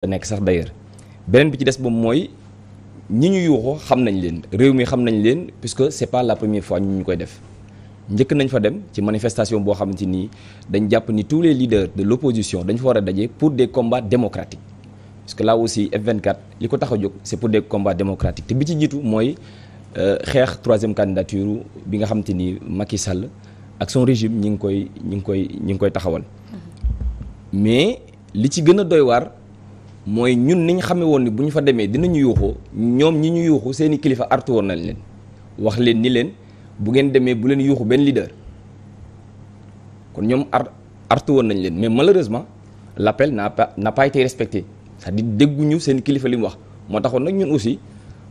nekk sax d'ailleurs beneen bi ci des boobu mooy ñi ñu yuuxoo xam nañ leen réew mi xam nañ leen puisque c'est pas la première fois ñu ñu koy def njëkk nañ fa dem ci manifestation boo xamante ni dañ jàpp ni tous les leaders de l'opposition dañ fa war a daje pour des combats démocratiques parce que là aussi F24 li ko tax a jóg c'est pour des combats démocratiques te bi ci jiitu mooy euh, xeex troisième candidature bi nga xamante ni Macky Sall ak son régime ñi ngi koy ñi ngi koy ñi ngi koy taxawal mm-hmm. ci gën doy waar mooy ñun niñ xamee woon ni bu ñu fa demee dinañu yuuxoo ñoom ñi ñu yuuxu seeni kilifa artu woon nañ leen wax leen ni leen bu ngeen demee bu leen yuuxu benn leader kon ñoom ar artu woon nañ leen mais malheureusement l'appel n'a pas n'a pas été respecté cest seen kilifa li mu wax moo taxoon nag ñun aussi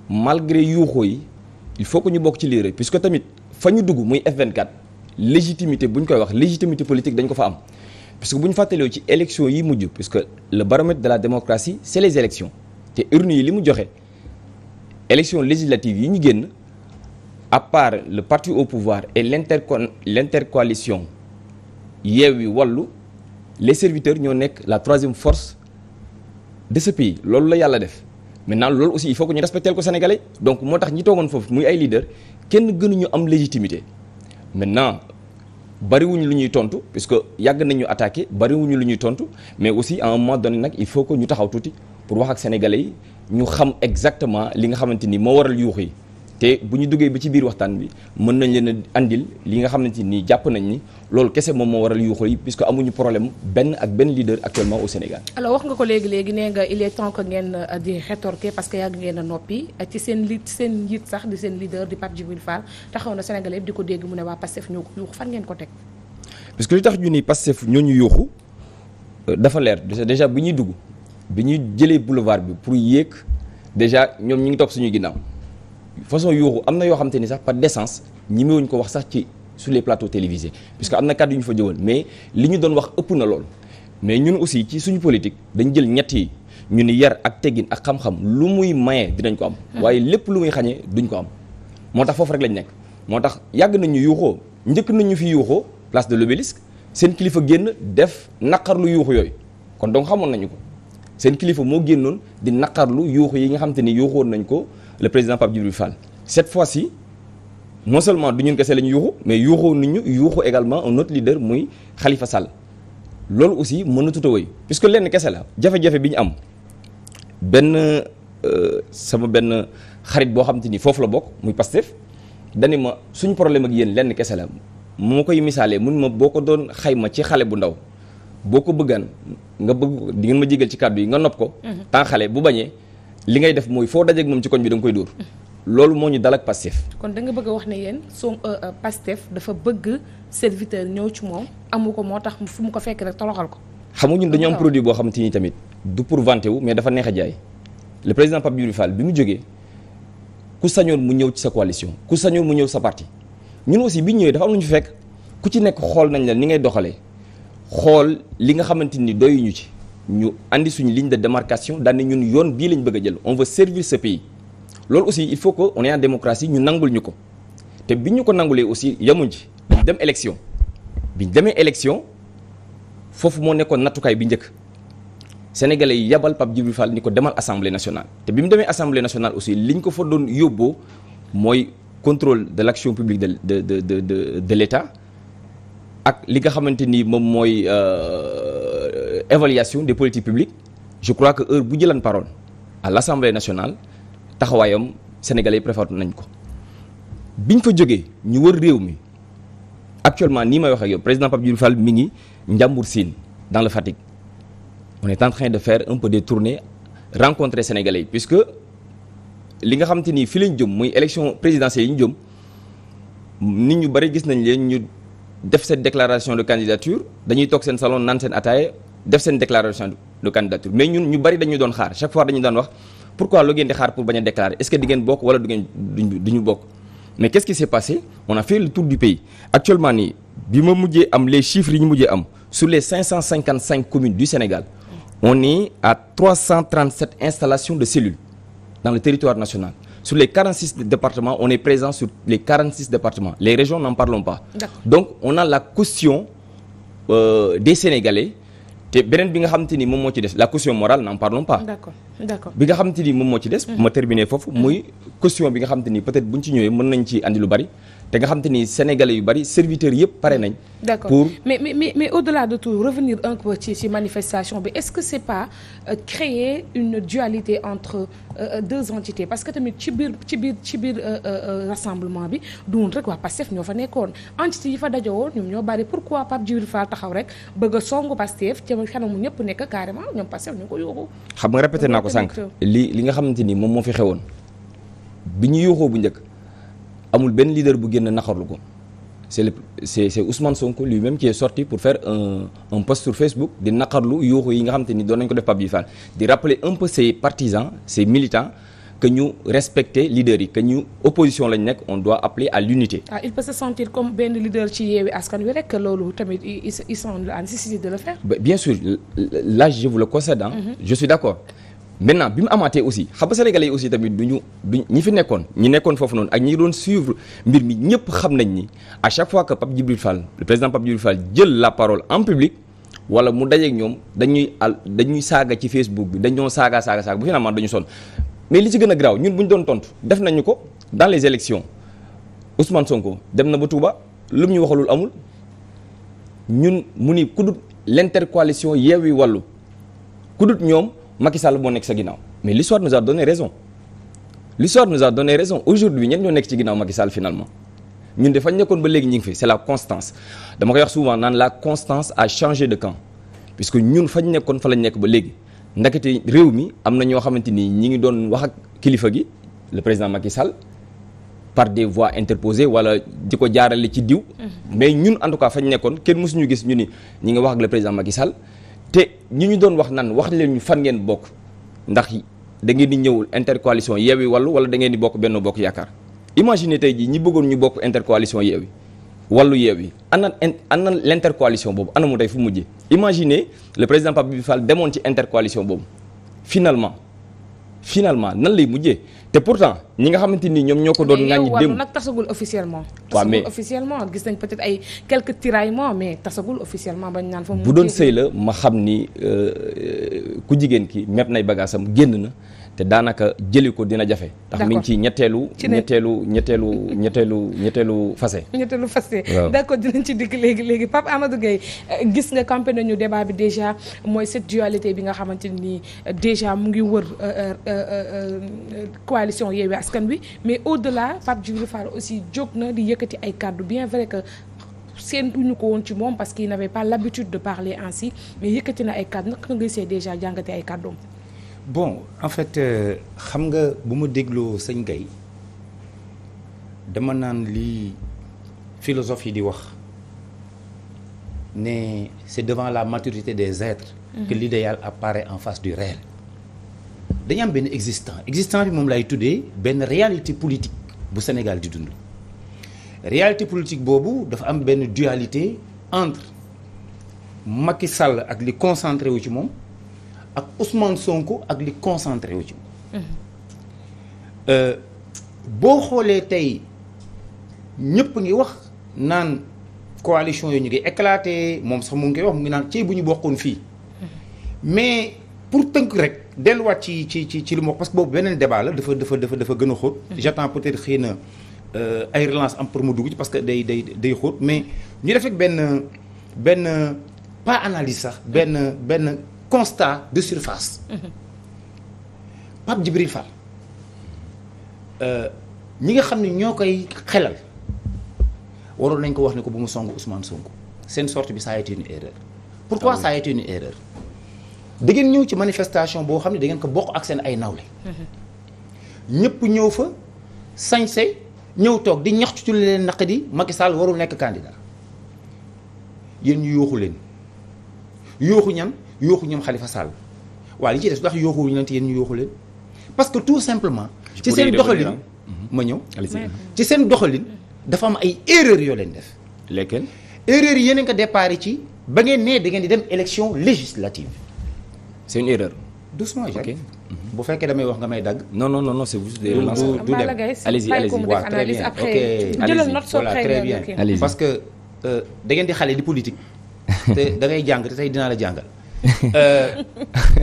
malgré yuuxoo yi il faut que ñu bokk ci lii puisque tamit fa ñu dugg muy F24 légitimité bu ñu koy wax légitimité politique dañ ko fa am parce que bu ñu fàttaliwoo ci élection yi mujj que le baromètre de la démocratie c'est les élections te urnu yi li mu joxe élection législative yi ñu génn à part le parti au pouvoir et l'interco l'intercoalition yi Wallu les serviteurs ñoo nekk la troisième force de ce pays loolu la yàlla def maintenant loolu aussi il faut que ñu respecter ko sénégalee donc moo tax ñi toogoon foofu muy ay leader kenn gënuñu am légitimité maintenant bariwuñu lu ñuy tontu que yàgg nañu attaque bariwuñu lu ñuy tontu mais aussi en un moment donné nag il faut que ñu taxaw tuuti pour wax ak sénégalais yi ñu xam exactement li nga xamante ni moo waral yuux yi te bu ñu duggee ba ci biir waxtaan bi mën nañ leen a andil li nga xamante nii jàpp nañ ni loolu kese moom moo waral yuuxu yi que amuñu problème benn ak benn leader actuellement au Sénégal. alors wax nga ko léegi léegi nee nga il est temps que ngeen euh, di rétorquer parce que yàgg ngeen a noppi ci seen li seen njiit sax di seen leader di Pape Djibril Fall taxaw na Sénégalais yëpp di ko dégg mu ne waa Pastef ñoo ko yuuxu fan ngeen ko teg. parce li tax ñu ni Pastef ñoo ñu yuuxu euh, dafa leer déjà bi ñuy dugg bi ñuy jëlee boulevard bi pour yéeg déjà ñoom ñu ngi topp suñu ginnaaw. façon yooxu am na yoo xam ni sax par décence ñemewuñ ko wax sax ci sur les plateaux télévisés puisque am na kàddu yu ñu fa jëwoon mais li ñu doon wax ëpp na lool mais ñun aussi ci suñu politique dañu jël ñett yi ñu ni yar ak teggin ak xam-xam lu muy maye dinañ ko am waaye lépp lu muy xañee duñ ko am moo tax foofu rek lañ nekk moo tax yàgg nañu ñu yuuxoo njëkk nañu ñu fi yuuxoo place de l'obélisque seen kilifa génn def naqarlu yuuxu yooyu kon donc xamoon nañu ko seen kilifa moo génnoon di naqarlu yuuxu yi nga xam ni yuuxoon nañ ko le président Pape Djibril Fall cette fois-ci non seulement du ñun kese la ñu yuuxu mais yuuxoo nit ñu yuuxu également un autre leader muy xalifa Sall loolu aussi mën na tuta wéy puisque lenn kese la jafe-jafe bi ñu am benn euh, sama benn xarit boo xam te ni foofu la bokk muy Pastef dani ma suñ problème ak yéen lenn kese la moo koy misaalee mun ma boo ko doon xayma ci xale bu ndaw boo ko bëggaan nga bëgg di ngeen ma jégal ci kàddu yi nga nopp ko mm-hmm. tant xale bu bañee li ngay def mooy foo dajeeg moom ci koñ bi da koy dóor. loolu moo ñu dal ak Pastef. kon da nga bëgg a wax ne yenn soo euh, euh, Pastef dafa bëgg serviteur ñëw ci moom amu ko moo tax fu mu ko fekk rek toroxal ko. xam nga ñun dañu am produit boo xamante ni tamit du pour vanter wu mais dafa neex a jaay le président Pape Djibril Fall bi mu jógee ku sañoon mu ñëw ci sa coalition ku sañoon mu ñëw sa parti ñun aussi bi ñu ñëwee dafa am lu ñu fekk ku ci nekk xool nañ la ni ngay doxalee xool li nga xamante ni doyuñu ci. ñu andi suñu ligne de démarcation daan ne ñun yoon bii lañ bëgg a jël on veut servir ce pays loolu aussi il faut que on est ñu nangul ñu ko te bi ñu ko nangulee aussi yamuñ ci dañ dem élection bi demee élection foofu moo nekkoon nattukaay bi njëkk sénégalais yi yabal Pape Djibril Fall ni ko demal assemblée nationale te bi mu demee assemblée nationale aussi liñ ko fa doon yóbboo mooy contrôle de l'action publique de de de de de, de ak li nga xamante ni moom mooy. Euh, évaluation des politiques publiques je crois que heure bu jëlan parole à l'Assemblée nationale taxawaayam sénégalais yi préféré nañ ko bi ñu fa jógee ñu wër réew mi actuellement nii may waxee ak président Pape Djibril Fall mi ngi njàmbur Sine dans le Fatick on est en train de fair un peu des tournées rencontrer sénégalais yi puisque li nga xam te ni fi lañ jëm muy élection présidentielle yi ñu jëm nit ñu bëri gis nañ leen ñu def cette déclaration de candidature dañuy toog seen salon naan seen ataaye def seen déclaration de candidature mais ñun ñu bari dañu doon xaar chaque fois dañu daan wax pourquoi loo ngeen di xaar pour bañ a déclarer est-ce que di bokk wala du ngeen du ñu bokk mais qu'est-ce qui on a fait le tour du pays actuellement nii bi ma mujjee am les chiffres yi ñu mujjee am sur les 555 communes du Sénégal on est à 337 installations de cellules dans le territoire national sur les 46 départements on est présent sur les 46 départements les régions n'en parlons pas donc on te beneen bi nga xamante ni moom moo ci des la caution morale n'en parlons pas. d'accord d'accord bi nga xamante ni moom moo ci des. Mmh. ma terminer foofu mmh. muy caution bi nga xamante ni peut-être buñ ci ñëwee mën nañ ci andi lu bari. te nga xam te ni sénégalais yu bari serviteurs yëpp pare nañ. d'accord pour mais mais mais au-delà de tout revenir un peu ci ci manifestation bi est-ce que c'est pas euh, créer une dualité entre euh, deux entités parce que tamit ci biir ci biir ci biir euh, rassemblement bi duun rek waa Pastef ñoo fa nekkoon entité yi fa dajowoo ñoom ñoo bari pourquoi Pape Djibril Fall taxaw rek bëgg a songu Pastef ci xanamu ñëpp nekk carrément ñoom Pastef ñu ko yóbbu. xam nga répété naa ko sànq. li li nga xamante ni moom moo fi xewoon bi ñu yóoxoo bu njëkk. amul benn leader bu génn naxarlu ko c'est le c'est c'est Ousmane Sonko lui-même qui est sorti pour faire un post sur Facebook di naqarlu yuuxu yi nga xam te ni doon nañ ko def Pape Fall di rappeler un peu ses partisans ses militants que ñu respecter leader yi que ñu opposition lañ nekk on doit appeler à l'unité. ah il peut se sentir comme benn leader ci yeewi askan wi rek loolu tamit ils sont en nécessité de le faire. bien sûr là je vous le concède. Mm je suis maintenant bi mu amaatee aussi xam nga sénégalais yi aussi tamit du ñu du ñi fi nekkoon ñi nekkoon foofu noonu ak ñi doon suivre mbir mi ñëpp xam nañ ni à chaque fois que Pape Djibril Fall le président Pape Djibril Fall jël la parole en public wala mu dajeeg ñoom dañuy al dañuy saaga ci Facebook bi dañoo saaga saaga saaga bu finalement dañu sonn mais li ci gën a garaaw ñun bu ñu doon tontu def nañu ko dans les élections Ousmane Sonko dem na ba Touba lu mu ñu waxalul amul ñun mu ni ku dut l'intercoalition Yewwi Wallu ku dut ñoom. Macky Sall moo nekk sa ginnaaw mais l'histoire nous a donné raison l'histoire nous a donné raison aujourd'hui ñen ñoo nekk ci ginnaaw Macky Sall finalement ñun de fañ nekkoon ba léegi ñu ngi fi c'est la constance dama koy wax souvent naan la constance a changé de camp puisque ñun fañ nekkoon fa lañ nekk ba léegi ndakate réew mi am na ñoo xamante ni ñi ngi doon wax ak kilifa gi le président Macky Sall par des voies interposé wala di ko jaarale ci diw mm-hmm. mais ñun en tout cas fañ nekkoon kenn mësuñu gis ñu ni ñi ngi wax ak le président Macky te ñi ñu doon wax nan wax leen ñu fan ngeen bokk ndax da ngeen di ñëwul intercoalition Yewwi Wallu wala da ngeen di bokk Benno Bokk Yaakaar imagine tey jii ñi bëggoon ñu bokk intercoalition Yewwi Wallu Yewwi ana ana l'intercoalition boobu ana mu tey fu mujjee imagine le président Pape Bibi Fall demoon ci intercoalition boobu finalement finalement nan lay mujjee te pourtant ñi nga xamante ni ñoom ñoo ko doon. ŋàññi démb nag tasagul officiellement. waaw mais tasagul officiellement gis nañ peut-être ay quelques tiraillements mais tasagul officiellement bañ naan fa. mu bu doon sëy la ma xam ni euh, euh, ku jigéen ki mépp nay bagaasam génn na. te daanaka jëli ko dina jafe. ndax mi ngi ci ñetteelu. ci ñetteelu ñetteelu ñetteelu ñetteelu fase. ñetteelu fase d' accord dinañ ci dikk léegi léegi Pape Amadou Gueye gis nga campé nañu débat bi déjà mooy cette dualité bi nga xamante ni déjà mu ngi wër euh, euh, euh, coalition Yewwi Askan Wi mais au delà Pape Djibril Fall aussi jóg na di yëkkati ay kàddu bien vrai que. séentuñu ko woon ci moom parce qu'il n'avait pas l'habitude de parler ainsi mais yëkkati na ay kàddu naka nga gisee déjà jàngate ay kàddoom bon en fait euh, xam nga bu ma dégloo sëñ gay dama naan lii philosophe yi di wax ne c'est devant la maturité des êtres mhm. que l'idéal apparaît en face du réel dañu am benn existant existant bi moom lay tuddee benn réalité politique bu Sénégal di dund réalité politique boobu dafa am benn dualité entre Macky Sall ak li concentré wu ci moom ak Ousmane Sonko ak li concentré wu ci. Euh, boo xoolee tey ñëpp ngi wax naan coalition yi ñu ngi éclaté moom sax mu ngi koy wax mu ngi naan ci bu ñu bokkoon fii. mais pour tënk rek delluwaat ci ci ci ci lu mu wax parce que boobu beneen débat la dafa dafa dafa dafa gën a xóot. Mm-hmm. j'attends peut-être xëy na euh, ay relance am pour mu dugg ci parce que day day day xóot mais ñu def rek benn benn pas analyse sax benn benn. constat de surface. Mhm. Pape Djibril Fall euh, ñi nga xam ne ñoo koy xelal waroon nañ ko wax ne ko bu mu song Ousmane Sonko seen sortie bi ça a été une pourquoi ah ça a été une erreur. ñëw ci manifestation boo xam ne da ko bokk ak seen ay nawle. Mhm. ñëpp ñëw fa sañse ñëw toog di ñaxtu ci leen naq di Macky Sall warul nekk candidat yéen ñu yooxu leen yooxu ñan. yooxu ñoom xalifa Sall waa li ci des ndax yooxuwuñu leen te yéen ñu yooxu leen parce que tout simplement ci seen doxalin ma ñëw ci seen doxalin dafa am ay erreurs yoo leen def lesquelles erreurs yi yéen ko déparé ci ba ngeen nee da ngeen di dem élection législative seen une erreur doucement Jacques bu mhm. fekkee damay wax nga may dagg. no non non no vous. du du du dem allez-y allez bien parce que euh, da ngeen di xale di politique te da ngay jàng te tey dinaa la jàngal. Euh,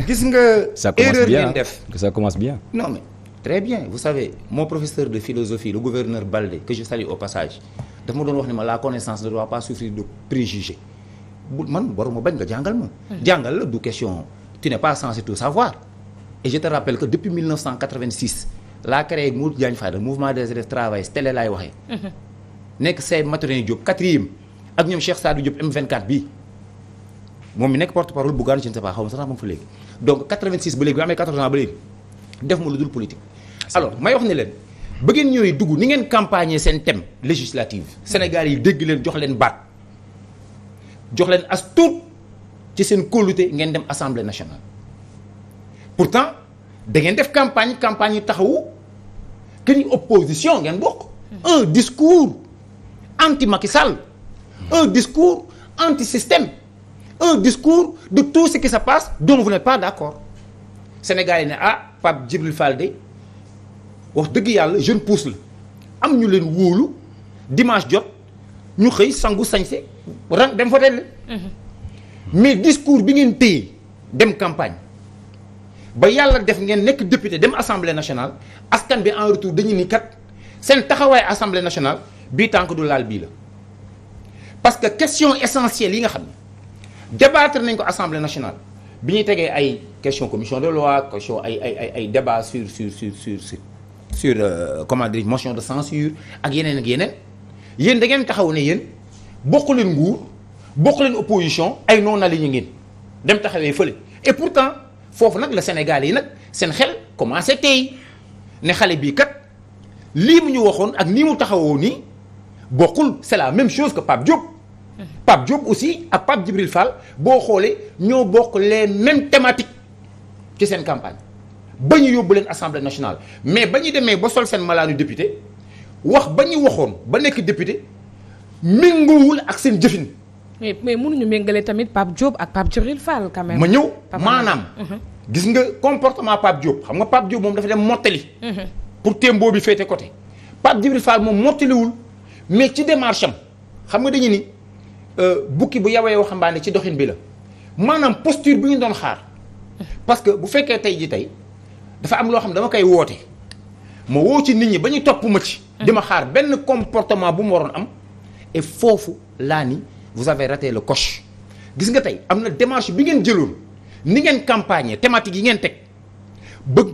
gis nga. erreur ngeen def ça commence bien non mais très bien vous savez mon professeur de philosophie le gouverneur Baldé que je salue au passage dafa ma doon wax ne ma la connaissance ne doit pas souffrir de préjugés bu man waruma bañ nga jàngal ma. Hmm. jàngal la du question tu n'es pas censé tout savoir et je te rappelle que depuis 1986 laa créé Modou Diagne Fada mouvement des élèves travaillistes télé laay waxee. Hmm. nekk say Maturin Diop quatrième ak ñoom Cheikh Sadou Diop M24 bii. moom mi nekk porte parole Bougane je ne sais pas xaw ma sax naa moom fa léegi donc ba léegi bi amee ba léegi def ma lu dul politique. alors may wax ne leen ba ngeen ñëwee dugg ni ngeen campagner seen thème législative Sénégal yi dégg leen jox leen baat jox leen as tuut ci seen kóolute ngeen dem assemblée nationale. pourtant da ngeen def campagne campagne yi taxawu que ni opposition ngeen bokk. Hmm. un discours anti Macky Sall. un discours anti système. un discours de tout ce qui se passe dont vous n'êtes pas d'accord Sénégal yi ne ah Pape Djibril Fall de wax dëgg yàlla jeune pousse la am ñu leen wóolu dimanche jot ñu xëy sangu sañse ran dem fa leen mhm. mais discours bi ngeen téye dem campagne ba yàlla def ngeen nekk député dem assemblée nationale askan bi en retour dañu ni kat seen taxawaay assemblée nationale bii tànk du laal bii la parce que question essentielle yi nga xam ne débattre nañ ko assemblée nationale bi ñu tegee ay question commission de loi question ay ay ay ay débat sur sur sur sur sur sur euh, comment dire motion de censure ak yeneen ak yeneen yéen da ngeen taxaw ne yéen bokk leen nguur bokk leen opposition ay noon ñu ngeen dem taxawee fële et pourtant foofu nag la Sénégal yi nag seen xel commencé tey ne xale bii kat lii mu ñu waxoon ak nii mu taxawoo nii bokkul c'est la même chose que Pape Diop Pape Diop aussi ak Pape Djibril Fall boo xoolee ñoo bokk les mêmes thématiques ci seen campagne ba ñu yóbbu leen assemblée nationale mais ba ñu demee ba sol seen malaanu député wax ba ñu waxoon ba nekk député méngoowul ak seen jëfin. mais mais mënuñu méngale tamit Pape Diop ak Pape Djibril Fall quand ma ñëw maanaam. Mhm. gis nga comportement Pape Diop xam nga Pape Diop moom dafa dem mottali. Mhm. pour témboo bi féete côté. Pape Djibril Fall moom mottaliwul mais ci démarche am xam nga dañu ni. Euh, bukki bu yawee waxambaane ci doxin bi la maanaam posture bi ñu doon xaar parce que bu fekkee tey ji tey dafa am loo xam dama koy woote ma woo ci nit ñi ba ñu topp ma ci di ma xaar benn comportement bu mu waroon am et foofu laa ni vous avez raté coche gis nga tey am na démarche bi ngeen jëloon ni ngeen campagne thématique yi ngeen teg bëgg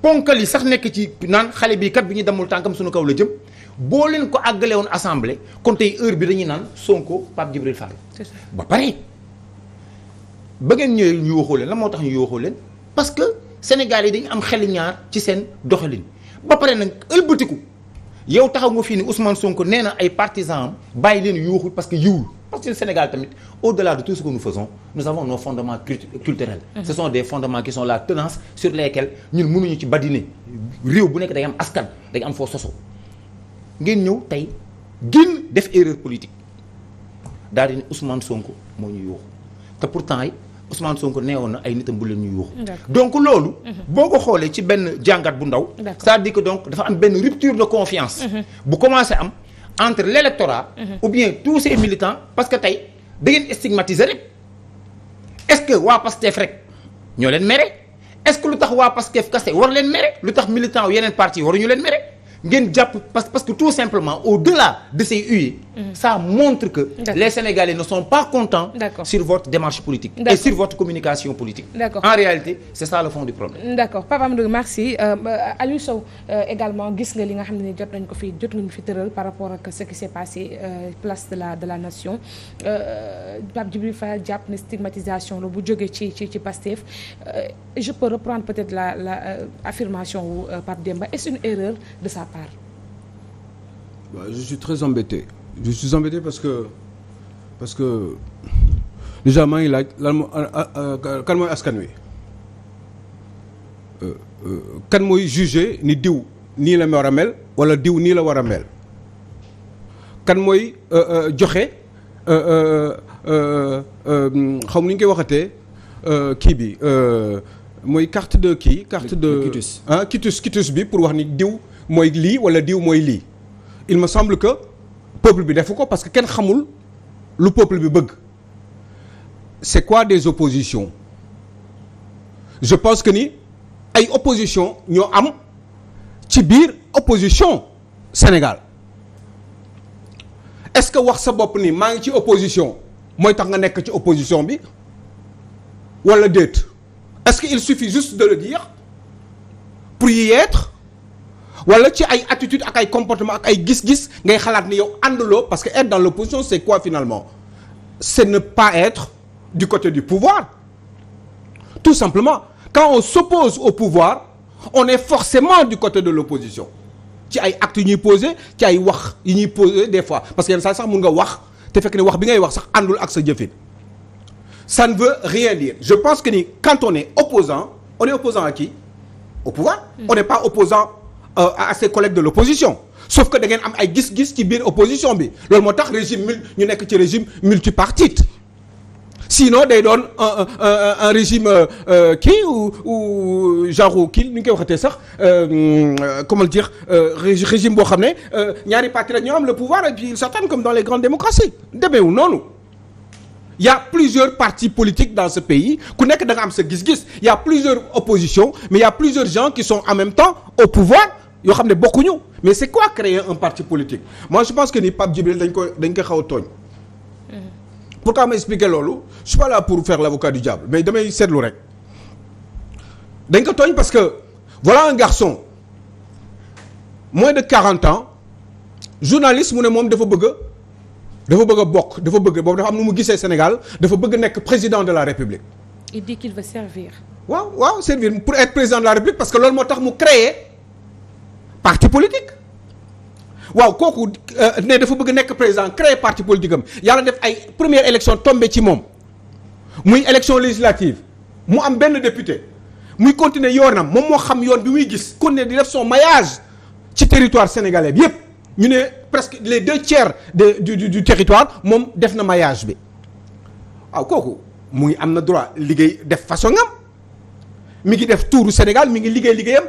ponkal yi sax nekk ci naan xale bi kat bi ñu demul tànkam suñu kaw la jëm boo leen ko àggale woon assemblée kon tey heure bi dañuy naan Sonko Pape Djibril Fall. ba pare ba ngeen ñëwee ñu waxoo leen la moo tax ñu waxoo leen parce que Sénégal yi dañu am xel ñaar ci seen doxalin ba pare nag ëlbatiku yow taxaw nga fii ni Ousmane Sonko nee na ay partisans bàyyi leen yuuxul parce que yiwul parce que Sénégal tamit au-delà de tout ce que nous faisons nous avons nos fondements culturels mm-hmm. ce sont des fondements qui sont la tenance sur lesquels ñun mënuñu ci badiner réew bu nekk day am askan day am foo soso ngeen ñëw tey génn def erreur politique daal di ne Ousmane Sonko moo ñu yuuxu te pourtant yi Ousmane Sonko neewoon na ay nitam bu leen ñu yuuxu donc loolu mhm. boo ko xoolee ci benn jàngat bu ndaw c'est-à-dire que donc dafa am benn rupture de confiance mhm. bu commencé am entre l'électorat mhm. ou bien tous ces militants parce que tey da ngeen stigmatiser rek est-ce que waa Pastef rek ñoo leen mere est que lu tax waa Pastef kase war leen mere lu tax militants yeneen parti waruñu leen mere ngeen jàpp parce parce que tout simplement au-delà de ces Mm-hmm. ça montre que les Sénégalais ne sont pas contents sur votre démarche politique et sur votre communication politique en réalité c'est ça le fond du problème d'accord Pape Amadou merci euh, euh, Aliou euh, également gis nga li nga xam ne jot nañ ko fi jot nañ fi tëral par rapport ak ce qui s'est passé place de la nation Pape Djibril Fall jàpp ne stigmatisation la bu jógee ci ci ci Pastef je peux reprendre peut-être la la affirmation wu Pape de sa part je je suis embêté parce que parce que déjà maa ngi laaj lan moo kan mooy askan wi euh, euh, kan mooy jugé ni diw nii la war a mel wala diw nii la war a mel kan mooy euh, joxe xam ma nu ñu koy waxatee kii bi mooy carte de kii carte de quitus ah quitus quitus bi pour wax ni diw mooy lii wala diw mooy lii il me semble que peuple bi defu ko parce que kenn xamul lu peuple bi bëgg c'est quoi des oppositions je pense que ni ay opposition ñoo am ci biir opposition Sénégal est-ce que wax sa bopp ni maa ngi ci opposition mooy tax nga nekk ci opposition bi wala déet est-ce qu'il suffit juste de le dire pour y être wala ci ay attitude ak ay comportement ak ay gis-gis ngay xalaat ni yow ànduloo parce que être dans l'opposition c'est quoi finalement c'est ne pas être du côté du pouvoir tout simplement quand on s'oppose au pouvoir on est forcément du côté de l'opposition ci ay actes yu ñuy posé ci ay wax yu ñuy posé des fois parce que yenn sax mun nga wax te fekk ne wax bi ngay wax sax àndul ak sa jëfin ça ne veut rien dire je pense que ni quand on est opposant on est opposant à Euh, à ses collègues de l'opposition sauf que da ngeen am ay gis-gis ci biir opposition bi loolu moo tax régime mul ñu nekk ci régime multipartite sinon day doon un un un régime euh, kii ou ou genre kii ni ñu koy waxatee sax euh, comment dire régime boo xam ne ñaari parti la ñoo am le pouvoir et puis ils s'attendent comme dans les grandes démocraties demeewu noonu y a plusieurs partis politiques dans ce pays ku nekk da am sa gis-gis y a plusieurs oppositions mais y a plusieurs gens qui sont en même temps au pouvoir yoo xam ne bokkuñu mais c'est quoi créer un parti politique moi je pense que ni Pape Djibril dañ ko dañ ko xaw a tooñ mm-hmm. pourquoi ma expliquer loolu je suis pas la pour faire l'avocat du diable mais damay seetlu rek dañ ko tooñ parce que voilà un garçon moins de 40 ans journaliste mu ne moom dafa bëgg dafa bëgg a bokk dafa bëgg boobu dafa am nu mu gisee Sénégal dafa bëgg nekk président de la République. il dit qu'il veut servir. waaw waaw servir pour être président de parce que loolu moo tax mu créer parti politique waaw kooku euh, ne dafa bëgg nekk président créer parti politique am yàlla def ay première élection tombe ci moom muy élection législative mu am benn député muy continuer yoonam moom moo xam yoon bi muy gis continuer di def soo mayage ci territoire sénégalais bi yépp ñu ne presque les deux tiers de du du, du territoire moom def na mayage bi waaw kooku mu ngi am na droit liggéey def façon am mi ngi def tuuru Sénégal mi ngi liggéey liggéeyam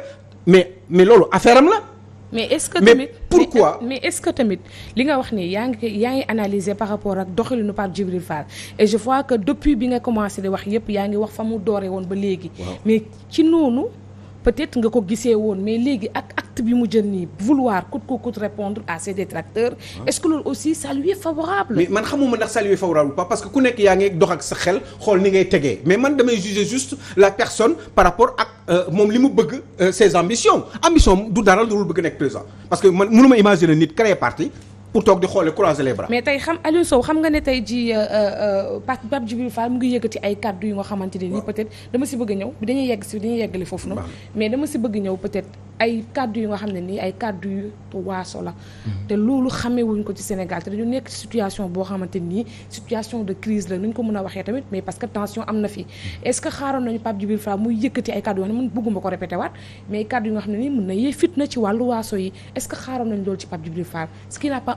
mais mais loolu affaire la. mais est-ce que tamit pourquoi mais est-ce tamit li nga wax ni yaa ngi yaa ngi analyser par rapport ak doxalinu Pape Djibril Fall et je vois que depuis bi nga commencé di wax yëpp yaa ngi wax fa mu doore woon ba léegi mais ci noonu peut-être nga ko gisee woon mais léegi ak acte bi mu jël nii vouloir coûte que coûte répondre à ses détracteurs ah. est-ce que loolu aussi ça lui est favorable mais man xamuma ndax ça favorable parce que ku nekk yaa ngi dox ak sa xel xool ni mais man damay juger juste la personne Euh, moom li mu bëgg euh, ses ambitions ambition du dara lu dul bëgg nekk président parce que man mënuma imaginer nit créer parti pour mais tey xam Aliou xam nga ne tey jii euh, euh, Pape Djibril Fall mu ngi yëkkati ay kàddu yu nga xamante nii peut dama si bëgg a ñëw dañuy yegg si dañuy yeggali foofu noonu. mais dama si bëgg ñëw peut-être ay kàddu yu nga xam ne nii ay kàddu yu waaso la. Hmm. te loolu xamee ko ci Sénégal te dañu nekk situation boo xamante nii situation de crise la nuñ ko mën a waxee tamit mais parce que tension am na fi hmm. est xaaroon nañu Pape Djibril Fall muy yëkkati ay kàddu yoo xam ne mën bëgguma ko répété waat mais kàddu yu nga xam ne nii mën na yee fitna ci wàllu waaso yi est n'a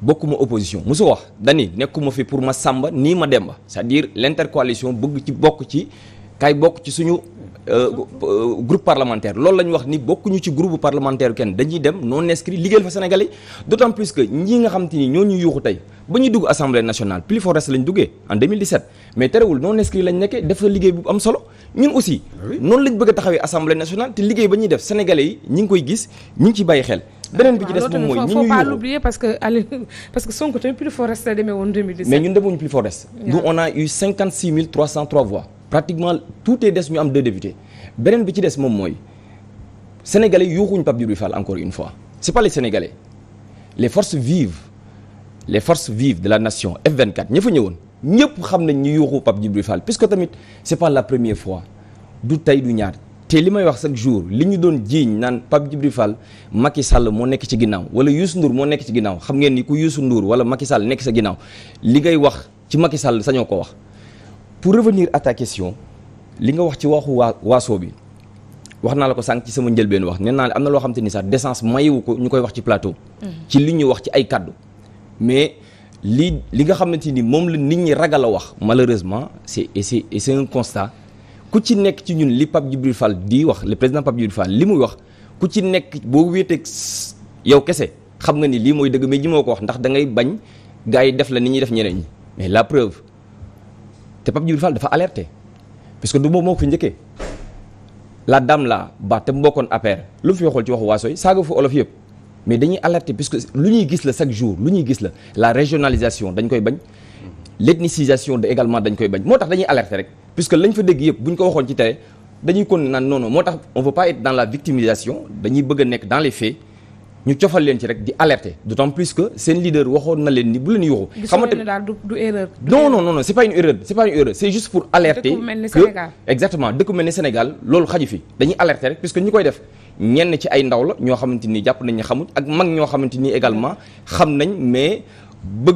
bokkuma opposition mosu wax dani nekkuma fi pour ma sàmba nii ma demba c'est-à-dire l'intercoalition bëgg ci bokk ci kay bokk ci suñu euh, euh, groupe parlementaire loolu la ñu wax ni bokkuñu ci groupe parlementaire kenn dañuy dem non inscrit liggéeyal fa Sénégalais d'autant plus que ñi nga xam te ni ñoo ñu yuuxu tey ba ñuy dugg assemblée nationale plus forest lañ duggee en 2017 mais terewul non inscrit lañ nekkee def fa liggéey bu am solo ñun aussi. Ah noonu lañ bëgg a taxawee assemblée liggéey ba ñuy def sénégalais ngi koy gis ñi ngi ciy bàyyi xel. beneen bi ci des ah, moom mooy ñi que allez parce que Sonko tamit plus fort reste la demee woon 2017 mais ñun demuñu plus fort reste des ñu am deux députés beneen bi ci des moom mooy sénégalais yuuxuñu Pape Djibril Fall encore une fois c'est pas les sénégalais les forces vives les forces vives de la nation F24 ña fa ñëwoon ñëpp xam nañ ñu yuuxu Pape Djibril Fall puisque tamit c'est pas la première fois du tey du ñaar te li may wax chaque jour li ñu doon jiiñ naan Pape Djibril Fall Macky moo nekk ci ginnaaw wala Youssou Ndour moo nekk ci ginnaaw xam ngeen ni ku Youssou Ndour wala Macky Sall nekk sa ginnaaw li ngay wax ci Macky Sall sañoo ko wax. pour revenir à ta question li nga wax ci waxu waa waaso bi wax naa la ko sànq ci sama njëlbeen wax nee naa la am na loo xam te ni sax décence mayewu ko ñu koy wax ci plateau. Mm-hmm. ci li ñuy wax ci ay kaddu mais. li li nga xamante ni moom la nit ñi ragal a wax malheureusement c'est et c'est c'est un constat ku ci nekk ci ñun li Pape Djibril Fall di wax le président Pape Djibril Fall li muy wax ku ci nekk boo wéeteeg yow kese xam nga ni lii mooy dëgg mais ji moo ko wax ndax da ngay bañ gars yi def la ni ñuy def ñeneen ñi mais la preuve te Pape Djibril Fall dafa alerté parce que du moom moo ko fi njëkkee la dame la ba te mbokkoon affaire lu mu fi waxul ci waxu waasoy saaga fu olof yëpp mais dañuy alerter que lu ñuy gis la chaque jour lu ñuy gis la la régionalisation dañ koy bañ l'ethnicisation également dañ koy bañ moo tax dañuy alerter rek puisque lañ fa dégg yëpp bu ñu ko waxoon ci tey dañuy kon naan non moo tax on veut pas être dans la victimisation dañuy bëgg a nekk dans les faits ñu cofal leen ci rek di alerter d'autant plus que seen leader waxoon na leen ni bu leen yuuxu. xam nga daal c'est pas une erreur c'est juste pour alerter que exactement dëkku mel ni Sénégal loolu xaju fi dañuy alerter rek puisque ñu koy def ñenn ci ay ndaw la ñoo xamante ni jàpp nañ ne ak mag ñoo xamante ni xam nañ mais